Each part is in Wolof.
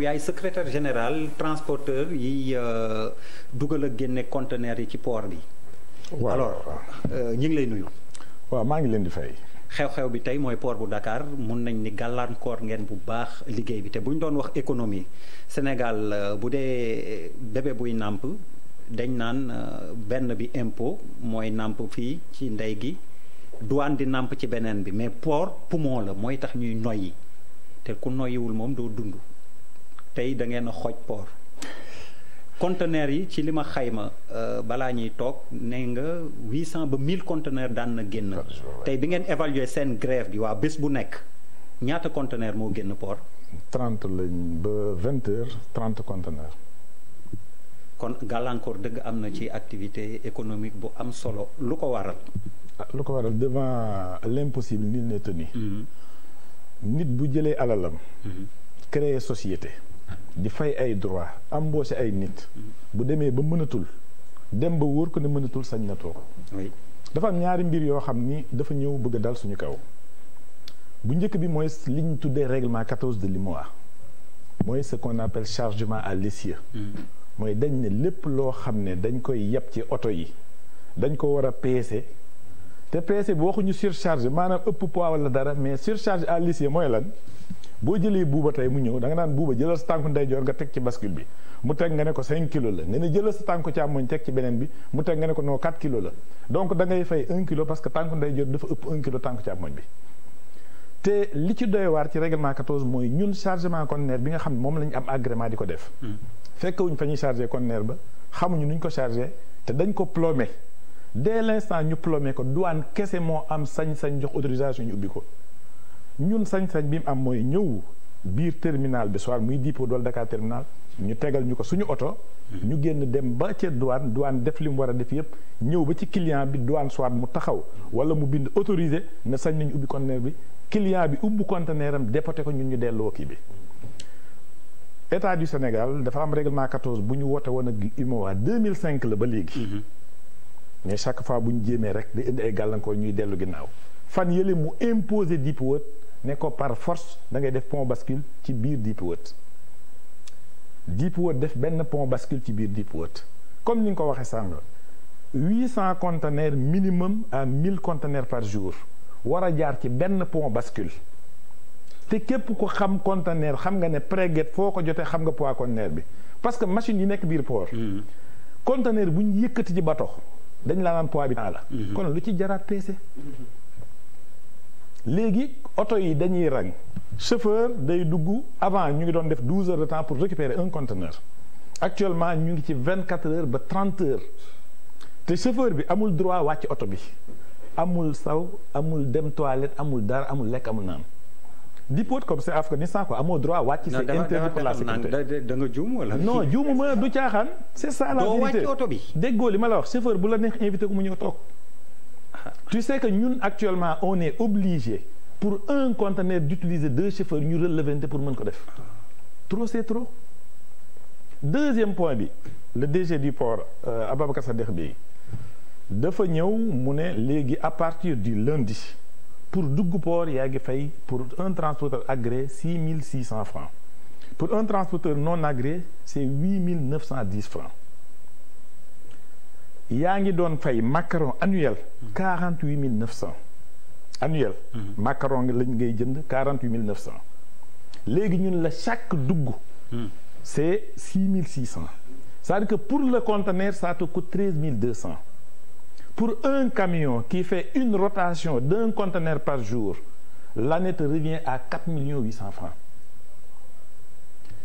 yow yaay secrétaire général transporteur yi euh, dugal a génne conteneur yi ci port bi. waaw alors euh, ñu ngi lay nuyu. waaw maa ngi leen di fay. xew-xew bi tey mooy port bu Dakar mun nañ ni gàllankoor ngeen bu baax liggéey bi te bu ñu doon wax économie Sénégal euh, bu dee bébé buy nàmp dañ naan benn bi impôt mooy nàmp fii ci ndey gi douane di nàmp ci beneen bi mais port poumon la mooy tax ñuy noyyi te ku noyyiwul moom doo dund. tey da ngeen a xooj port conteneur yi ci li ma xayma euh, balaa ñuy toog ne nga huit cent ba mille conteneur daan na génn ah, tey bi ngeen évaluer seen grève bi waa bés bu nekk ñaata conteneur moo génn port trente lañ ba vingt heures trente conteneur kon gàllankoor dëgg am na ci activité économique bu am solo lu ko waral ah, lu ko waral devant l'impossible mm-hmm. nit bu jëlee alalam mm-hmm. créer société di fay ay droit embauché ay nit bu demee ba mënatul dem ba wóor ko ne mënatul sañ na toog dafa am ñaari mbir yoo xam ni dafa ñëw bëgg a dal suñu kaw bu njëkk bi mooy li ñu tuddee règlement 14 de l'UEMOA mooy ce qu'on appelle chargement à l'essieu mm-hmm. mooy dañ ne lépp loo xam ne dañ koy yeb ci oto yi dañ ko war a peese te peese bi waxuñu surcharge maanaam ëpp poids wala dara mais surcharge à l'essieu mooy lan boo jëlee buuba tey mu ñëw danga nga naan buuba jëlal sa tànku ndeyjoor nga teg ci bascule bi mu teg nga ne ko 5 kilos la nga ne jëlal sa tànku càmmoñ teg ci beneen bi mu teg nga ne ko non 4 kilos la donc dangay ngay fay 1 kilo parce que tànku ndeyjoor dafa ëpp 1 kilo tànku càmmoñ bi te li ci doy waar ci règlement 14 mooy ñun chargement conteneur bi nga xam ne moom lañ am agrément di ko def hmm. fekkewuñ fa ñuy chargé conteneur ba xamuñu nuñ ko chargé te dañ ko plombé dès l' instant ñu ko douane kese moo am sañ-sañ jox autorisation ubbi ko ñun sañ-sañ bi mu am mooy ñëw biir terminal bi soit muy diipoo dool Dakar terminal ñu tegal ñu ko suñu oto ñu génn dem ba ca douane douane def li mu war a def yépp ñëw ba ci client bi douane soit mu taxaw wala mu bind autorisé ne sañ nañu ubbi conteneur bi client bi ubbi conteneur am dépoté ko ñun ñu delloo kii bi état du Sénégal dafa am règlement 14 bu ñu woote woon ak UMOA 2005 la ba léegi mm-hmm. mais chaque fois bu ñu jéemee rek di indi ay gàllankoor ñuy dellu ginnaaw fan yële mu imposé Deepworld ne ko par force da ngay def pont bascule ci biir Deep World def benn pont bascule ci biir Deep comme ni nga ko waxee sànq huit cent conteneurs minimum à mille conteneurs par jour war a jaar ci benn pont bascule te képp ku xam conteneur xam nga ne préget foo ko jotee xam nga poids conteneur bi parce que machine yi nekk biir port mm-hmm. conteneur bu ñu yëkkati ci bato dañ laa naan poids bi naa la mm-hmm. kon lu ci jaraat peese mm-hmm. léegi oto yi dañuy rang chauffeur day dugg avant ñu ngi doon def douze heures de temps pour récupérer un conteneur actuellement ñu ngi ci vingt quatre heures ba trente heures te chauffeur bi amul droit wàcc oto bi amul saw amul dem toilette amul dara amul lekk amul naan dipôte comme c'est Afghanistan quoi amoo droit wàcc c'est interdit pour la sécurité da nga juum wala non juumu ma du caaxaan c'est ça la vérité oto bi déggoo li ma la wax chauffeur bu la neex invité ku mu ñëw toog tu sais que ñun actuellement on est obligé pour un conteneur d'utiliser deux chauffeurs ñu relevante pour mën ko def trop c'est trop deuxième point bi le DG du port euh, Ababacar Sadikh Bèye dafa ñëw mu ne léegi à partir du lundi pour duggu port yaa ngi fay pour un transporteur agré six mille six cent francs pour un transporteur non agré c'est huit mille neuf cent dix francs yaa ngi doon fay macaron annuel quarante huit mille neuf cent annuel mhm. macaron lañ ngay jënd quarante mille neuf cent léegi ñun la chaque dugg hmm. c'est six mille six cent cest que pour le conteneur ça te mille deux cent pour un camion qui fait une rotation d'un conteneur par jour l'année te revient à quatre millions huit cent francs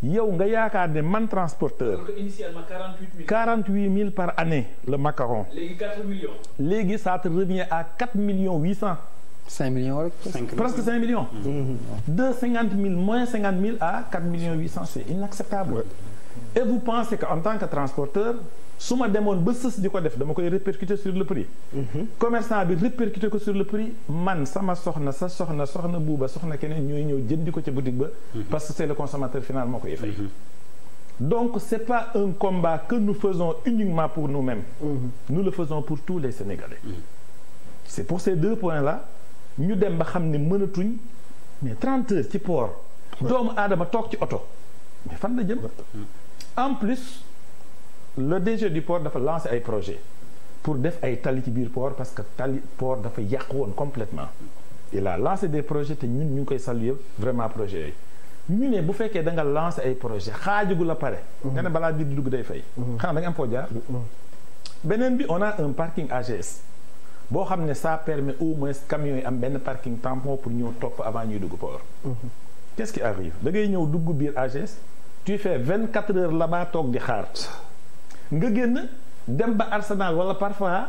yow nga yaakaar ne man transporteur. donc initialement quarante-huit mille. quarante-huit mille par année le macaron. léegi quatre te revient à quatre millions huit cent. cinq millions rek. presque cinq million mm-hmm. de cinquante mille moins mille à quatre millions huit cent c'est inacceptable. et vous pensez que en tant que transporteur. su ma demoon ba sës di ko def dama koy répercuter sur le prix. Mhm. commerçant bi répercuter ko sur le prix man sama soxna sa soxna soxna buuba soxna keneen ñooy ñëw jën di ko ca boutique ba. Mhm. parce que c'est le consommateur final moo koy fay. Mhm. donc c'est pas un combat que nous faisons uniquement pour nous-mêmes. nous le faisons pour tous les Sénégalais. c'est pour ces deux points la ñu dem ba xam ni mënatuñ mais 30 ci port. doomu aadama toog ci oto mais fan la jëm. en le DG du port dafa lancé ay projet pour def ay tali ci biir port parce que tali port dafa yàq woon complètement il a lancé des projet te ñun ñu ngi koy saluer vraiment projet yooyu ñu ne bu fekkee danga nga lancé ay projet xaajugu la pare mhm. nga ne balaa biir di dugg day fay mhm. xanaa da nga am foo jaar mhm. beneen bi on a un parking AGS boo xam ne saa permet au moins camions yi am benn parking tampon pour ñëw topp avant ñuy dugg port qu'est-ce qui arrive da ngay ñëw dugg biir AGS tu fais vingt quatre heures là-bas toog di xaar nga génn dem ba Arsenal wala parfois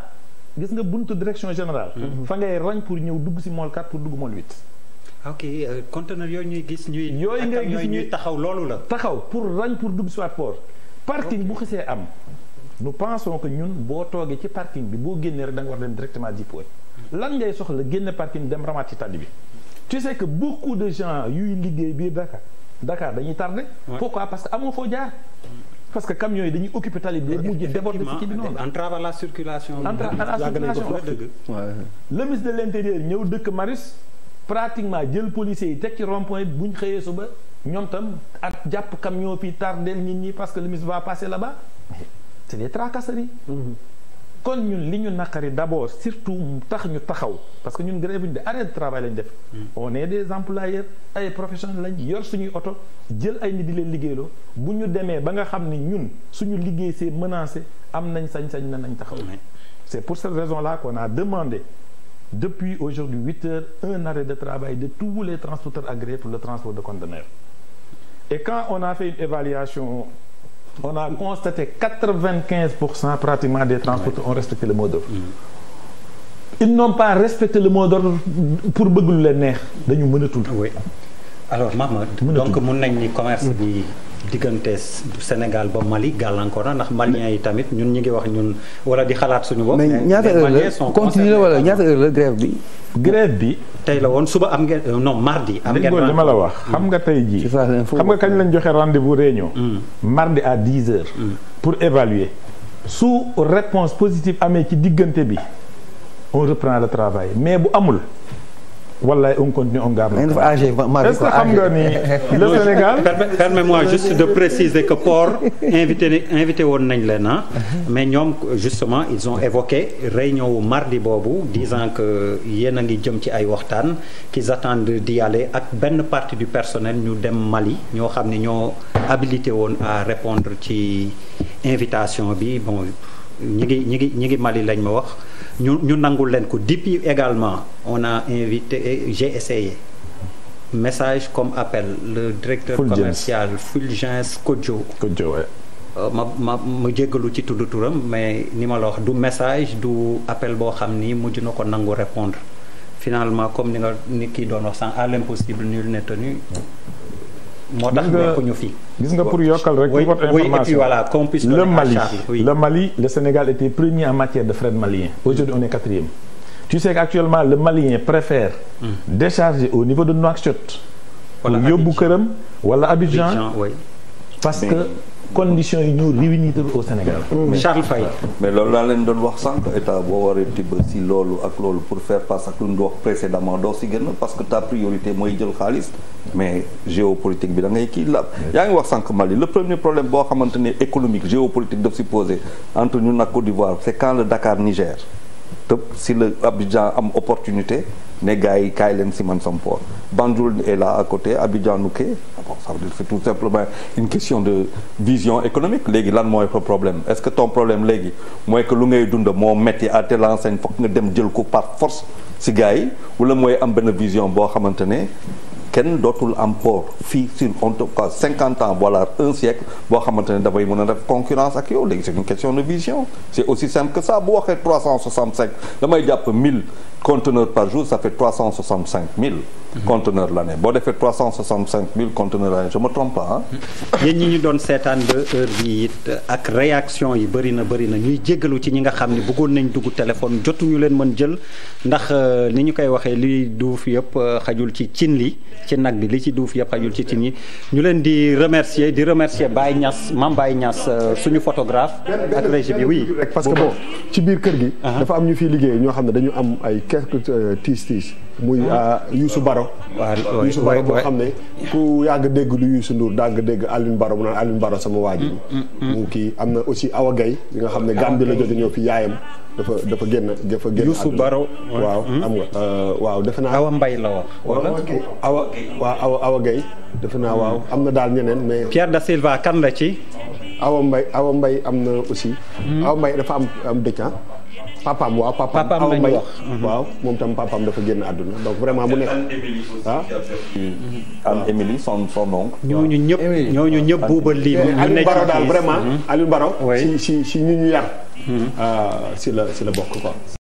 gis nga buntu direction général mhm. fa ngay roñ pour ñëw dugg si mool 4 pour dugg mool euh, 8. ñuy gis ñuy. yooyu ngay gis ñuy taxaw loolu la. taxaw pour roñ pour dugg si waat port. parking bu xasee am. nous pensons que ñun boo toogee ci parking bi boo génnee rek da nga war dem directement ji port. lan ngay soxla génn parking dem ramaat ci tali bi. tu sais que beaucoup de gens yuy liggéey biir Dakar Dakar dañuy tardé. pourquoi parce que amoo foo jaar. Mm. parce que camions yi dañuy occuper tali bi mujj déborder ci bi noonu entrave à la circulation de l'intérieur ñëw dëkk Maris pratiquement jël policiers yi teg ci rond-point bu ñu xëyee suba ñoom tam ak jàpp camion bi tardel nit ñi parce que le ministre va passer là-bas c'est des tracasseries mm-hmm. kon ñun li ñu naqari d'abord surtout tax ñu taxaw parce que ñun bu ñu de arrêt de travail lañ def. Hmm. on est des employeurs ay professionnels lañ yor suñuy oto jël ay nit di leen liggéeyloo bu ñu demee ba nga xam ni ñun suñu liggéey c'est menacé am nañ sañ-sañ na nañ taxaw. c'est pour cette raison-là qu'on a demandé depuis aujourd'hui huit heures un arrêt de travail de tous les transporteurs agréés pour le transport de conteneurs et quand on a fait une évaluation. on a constaté vingt quinze pour cent pratiquement des transporteurs ont respecté le mot d'ordre. ils n'ont pas respecté le mot d'ordre pour bëgg lu neex dañu mënatul. oui alors Mahmoud. donc mun nañ ni commerce bi. diggante Sénégal ba Mali gàllankoor a ndax maliens yi tamit ñun ñu ngi wax ñun wala di xalaat suñu bopp. mais ñaata heure la continue la wala ñaata heure la grève bi. grève bi. tey la woon suba am ngeen non mardi. am ngeen ma la wax xam nga tey jii. xam nga kañ lañ joxe rendez-vous réunion. Hmm. mardi à 10 heures. Hmm. pour évaluer su réponse positive amee ci diggante bi on reprend le travail mais bu amul. wallaay on continue on garde. est-ce que xam nga ni le Sénégal. permets-moi juste de préciser que port invité invité woon nañ leen ah. mais ñoom justement ils ont évoqué réunion wu mardi boobu disant que yéen a ngi jëm ci ay waxtaan qu'ils attendent d'y aller ak benn partie du personnel ñu dem Mali ñoo xam ne ñoo habilité woon à répondre ci invitation bi bon ñi ngi ñi ngi ñi ngi Mali lañ ma wax. ñu ñu nangul leen ko depuis également on a invité j'ai message comme appel le directeur Fulgence. commercial Fulgence Kodjo Kodjo ouais. euh, ma ma ma jéggalu ci tudd turam mais ni ma la wax du message du appel boo xam ni mujj na ko nangu répondre finalement comme ni nga ni kii doon wax sans à l'impossible nul n'est tenu moo tax nekkuñu fi gis nga pour yokkal rek. pour votre information voilà qu'on le Mali le Mali le Sénégal était premier en matière de fret malien aujourd'hui on est quatrième. tu sais qu'actuellement le Malien préfère. Hmm. décharger au niveau de Nouakchott. yóbbu këram wala Abidjan parce que. conditions yi ñu réunir au Sénégal. Mm. Charles Faye. mais loolu laa leen doon wax sànq état boo waree tibb si loolu ak loolu pour faire face ak lu ñu précédemment doo si gën parce que ta priorité mooy jël xaalis mais géopolitique bi da ngay kii la yaa ngi wax sànq Mali le premier problème boo xamante ne économique géopolitique daf si posé entre ñun ak Côte d'Ivoire c'est quand le Dakar Niger te si le Abidjan am opportunité. ne gars yi kaay leen si man Sampor Banjul est là à côté Abidjan Nouké bon ça veut dire tout simplement une question de vision économique léegi lan mooy fa problème est-ce que ton problème léegi mooy que lu ngay dund moo metti à telle enseigne foog nga dem jël ko par force si gars yi wala mooy am benn vision boo xamante ne kenn dootul am port fii sur en tout cas cinquante ans boo xamante ne dafay mën a def concurrence ak yow léegi c'est une question de vision c'est waxee trois cent soixante cinq damay jàpp mille conteneurs par jour ça fait trois cent soixante cinq mille conteneurs l'année boo defee trois cent soixante cinq mille conteneurs l'année je me trompe pas ah. yéen ñi ñu doon seetaan ba heure bi it ak réaction yi bëri na bëri na ñuy jéggalu ci ñi nga xam ne bëggoon nañ dugg téléphone jotuñu leen mën jël ndax euh, ni ñu koy waxee li duuf yëpp euh, xajul ci cin li ci nag bi li ci duuf yëpp xajul ci cin yi ñu leen di remercier di remercier Baye Niass Mame Baye Niass euh, suñu photographe ak régie bi oui. parce que ci biir kër gi. Uh-huh. dafa am ñu fiy liggéey ñoo xam ne dañu am ay quelques tiis tiis. muy ah. Ah, Youssou Baro waaw Youssou Baro boo xam ne ku yàgg dégg lu Youssou Ndour dàgg dégg Alioune Baro mu naan Alioune Baro sama waa mm, mm, mm. mu kii am na aussi Awa Gaye bi nga xam ne Gambie la jóge ñëw fi yaayam dafa dafa génn dafa génn Youssou Baro waaw am euh, waaw defe naa Awa Mbaye la woon awa waaw awa Awa Gaye defe naa waaw am na daal ñeneen mais Pierre da Silva kan la ci Awa mbay Awa mbay am na aussi Awa Mbaye dafa am am dëcc papaam waaw papaam aw mbay mhm. waaw moom tam papaam dafa génn àdduna donc vraiment mu nekk ah am mhm. mhm. Émilie son son oncle eh ñooñu ñëpp ñooñu ñëpp buuba lii eh, Aliou Baro daal vraiment Aliou Baro si si si ñu ñu yar ah, si la si la bokk quoi